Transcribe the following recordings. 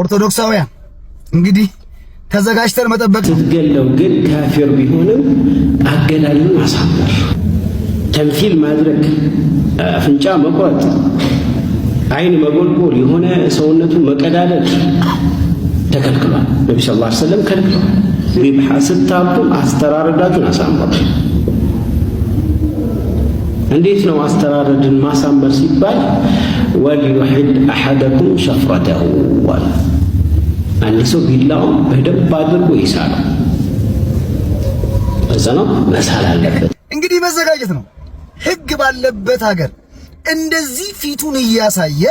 ኦርቶዶክሳውያን እንግዲህ ተዘጋጅተን መጠበቅ ስትገለው ግን ካፊር ቢሆንም አገዳሉን ማሳመር፣ ተምሲል ማድረግ፣ አፍንጫ መቁረጥ፣ አይን መጎልጎል፣ የሆነ ሰውነቱን መቀዳደድ ተከልክሏል። ነቢ ስ ላ ሰለም ከልክሏል። ሪብሓ ስታብቱም አስተራረዳችሁን አሳምሩ። እንዴት ነው አስተራረድን ማሳመር ሲባል ወሊዩሒድ አሐደኩም ሸፍረተሁ አንድ ሰው ቢላውን በደንብ አድርጎ ይሳለው። እዛ ነው መሳል አለበት። እንግዲህ መዘጋጀት ነው። ህግ ባለበት ሀገር እንደዚህ ፊቱን እያሳየ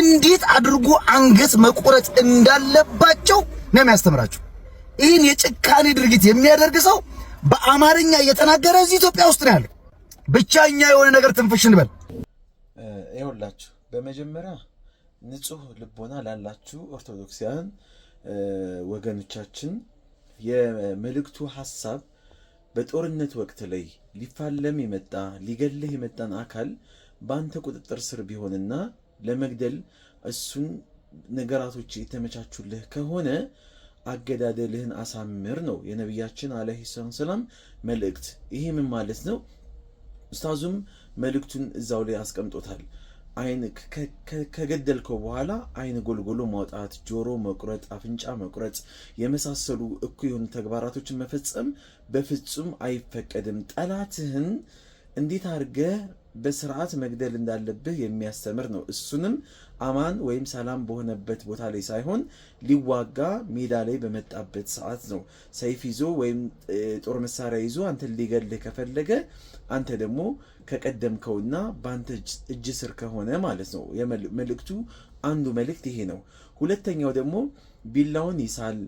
እንዴት አድርጎ አንገት መቆረጥ እንዳለባቸው ነው የሚያስተምራቸው። ይህን የጭካኔ ድርጊት የሚያደርግ ሰው በአማርኛ እየተናገረ እዚህ ኢትዮጵያ ውስጥ ነው ያለው። ብቻ እኛ የሆነ ነገር ትንፍሽ እንበል። ይኸውላችሁ በመጀመሪያ ንጹህ ልቦና ላላችሁ ኦርቶዶክሳውያን ወገኖቻችን የመልእክቱ ሀሳብ በጦርነት ወቅት ላይ ሊፋለም የመጣ ሊገልህ የመጣን አካል በአንተ ቁጥጥር ስር ቢሆንና ለመግደል እሱን ነገራቶች የተመቻቹልህ ከሆነ አገዳደልህን አሳምር ነው የነቢያችን አለይሂ ሰላም መልእክት። ይህ ምን ማለት ነው? ኡስታዙም መልእክቱን እዛው ላይ አስቀምጦታል። አይን ከገደልከው በኋላ አይን ጎልጎሎ ማውጣት፣ ጆሮ መቁረጥ፣ አፍንጫ መቁረጥ የመሳሰሉ እኩይ የሆኑ ተግባራቶችን መፈጸም በፍጹም አይፈቀድም። ጠላትህን እንዴት አድርገህ በስርዓት መግደል እንዳለብህ የሚያስተምር ነው። እሱንም አማን ወይም ሰላም በሆነበት ቦታ ላይ ሳይሆን ሊዋጋ ሜዳ ላይ በመጣበት ሰዓት ነው። ሰይፍ ይዞ ወይም ጦር መሳሪያ ይዞ አንተን ሊገልህ ከፈለገ አንተ ደግሞ ከቀደምከውና በአንተ እጅ ስር ከሆነ ማለት ነው። መልእክቱ አንዱ መልእክት ይሄ ነው። ሁለተኛው ደግሞ ቢላውን ይሳል፣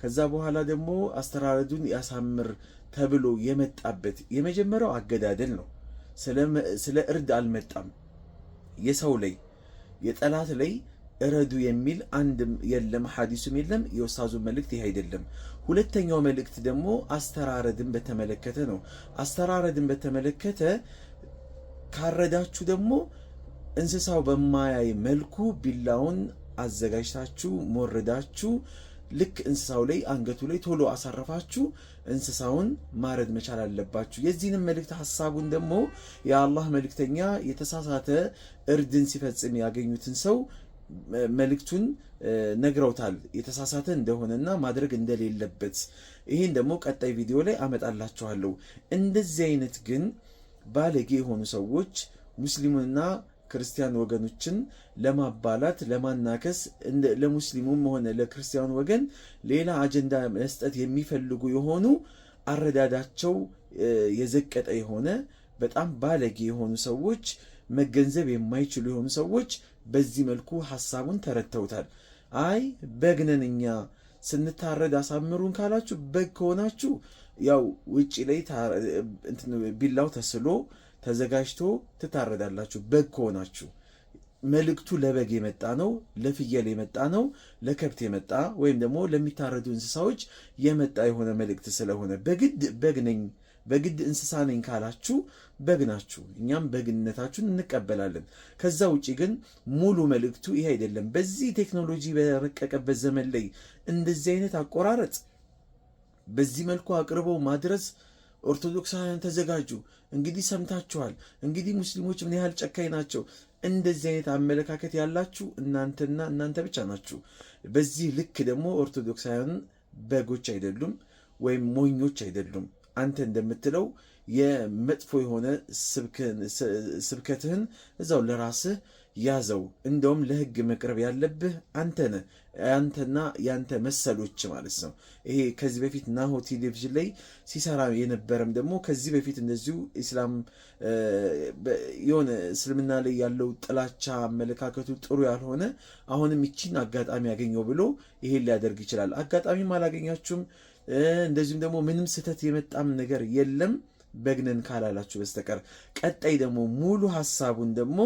ከዛ በኋላ ደግሞ አስተራረዱን ያሳምር ተብሎ የመጣበት የመጀመሪያው አገዳደል ነው። ስለ እርድ አልመጣም። የሰው ላይ የጠላት ላይ እረዱ የሚል አንድም የለም፣ ሐዲሱም የለም። የውስታዙ መልእክት ይህ አይደለም። ሁለተኛው መልእክት ደግሞ አስተራረድን በተመለከተ ነው። አስተራረድን በተመለከተ ካረዳችሁ ደግሞ እንስሳው በማያይ መልኩ ቢላውን አዘጋጅታችሁ ሞርዳችሁ ልክ እንስሳው ላይ አንገቱ ላይ ቶሎ አሳረፋችሁ እንስሳውን ማረድ መቻል አለባችሁ። የዚህንም መልእክት ሀሳቡን ደግሞ የአላህ መልእክተኛ የተሳሳተ እርድን ሲፈጽም ያገኙትን ሰው መልእክቱን ነግረውታል፣ የተሳሳተ እንደሆነና ማድረግ እንደሌለበት። ይህን ደግሞ ቀጣይ ቪዲዮ ላይ አመጣላችኋለሁ። እንደዚህ አይነት ግን ባለጌ የሆኑ ሰዎች ሙስሊሙንና ክርስቲያን ወገኖችን ለማባላት ለማናከስ ለሙስሊሙም ሆነ ለክርስቲያኑ ወገን ሌላ አጀንዳ መስጠት የሚፈልጉ የሆኑ አረዳዳቸው የዘቀጠ የሆነ በጣም ባለጌ የሆኑ ሰዎች መገንዘብ የማይችሉ የሆኑ ሰዎች በዚህ መልኩ ሀሳቡን ተረድተውታል። አይ በግነንኛ። እኛ ስንታረድ አሳምሩን ካላችሁ በግ ከሆናችሁ ያው ውጭ ላይ ቢላው ተስሎ ተዘጋጅቶ ትታረዳላችሁ። በግ ከሆናችሁ መልእክቱ ለበግ የመጣ ነው፣ ለፍየል የመጣ ነው፣ ለከብት የመጣ ወይም ደግሞ ለሚታረዱ እንስሳዎች የመጣ የሆነ መልእክት ስለሆነ በግድ በግ ነኝ በግድ እንስሳ ነኝ ካላችሁ በግ ናችሁ። እኛም በግነታችሁን እንቀበላለን። ከዛ ውጭ ግን ሙሉ መልእክቱ ይሄ አይደለም። በዚህ ቴክኖሎጂ በረቀቀበት ዘመን ላይ እንደዚህ አይነት አቆራረጥ በዚህ መልኩ አቅርበው ማድረስ ኦርቶዶክሳውያን ተዘጋጁ። እንግዲህ ሰምታችኋል። እንግዲህ ሙስሊሞች ምን ያህል ጨካኝ ናቸው። እንደዚህ አይነት አመለካከት ያላችሁ እናንተና እናንተ ብቻ ናችሁ። በዚህ ልክ ደግሞ ኦርቶዶክሳውያን በጎች አይደሉም ወይም ሞኞች አይደሉም። አንተ እንደምትለው የመጥፎ የሆነ ስብከትህን እዛው ለራስህ ያዘው። እንደውም ለህግ መቅረብ ያለብህ አንተ ነህ፣ አንተና የአንተ መሰሎች ማለት ነው። ይሄ ከዚህ በፊት ናሆ ቴሌቪዥን ላይ ሲሰራ የነበረም ደግሞ ከዚህ በፊት እንደዚሁ ኢስላም የሆነ እስልምና ላይ ያለው ጥላቻ አመለካከቱ ጥሩ ያልሆነ አሁንም ይቺን አጋጣሚ ያገኘው ብሎ ይሄን ሊያደርግ ይችላል። አጋጣሚም አላገኛችሁም እንደዚሁም ደግሞ ምንም ስህተት የመጣም ነገር የለም በግነን ካላላችሁ በስተቀር። ቀጣይ ደግሞ ሙሉ ሀሳቡን ደግሞ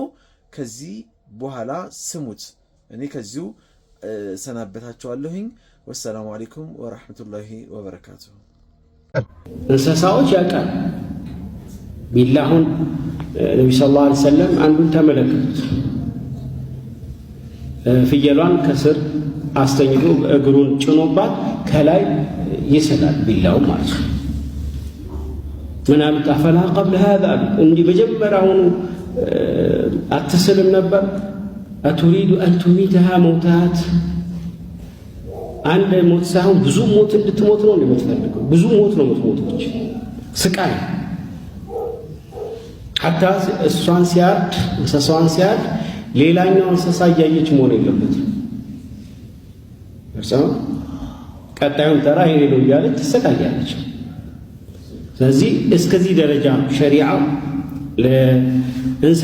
ከዚህ በኋላ ስሙት። እኔ ከዚሁ ሰናበታችኋለሁኝ ወሰላሙ አሌይኩም ወራህመቱላሂ ወበረካቱ። እንስሳዎች ያውቃል ቢላሁን ነቢ ስ ላ ሰለም አንዱን ተመለከቱት ፍየሏን ከስር አስተኝቶ እግሩን ጭኖባት ከላይ ይስላል ቢላው ማለት ነው። ምናምን ታፈላ ቀብል ሀዛ እንዲህ መጀመሪያውኑ አትስልም ነበር። አቱሪዱ አንቱሚትሃ መውታት አንድ ሞት ሳይሆን ብዙ ሞት እንድትሞት ነው የምትፈልገው። ብዙ ሞት ነው የምትሞቶች፣ ስቃይ ሀታ እሷን ሲያርድ እንስሳዋን ሲያርድ ሌላኛው እንስሳ እያየች መሆን የለበትም። እርሷ ቀጣዩን ተራ ይሄ ነው እያለች ትሰቃያለች። ስለዚህ እስከዚህ ደረጃ ሸሪዓ ለእንስሳ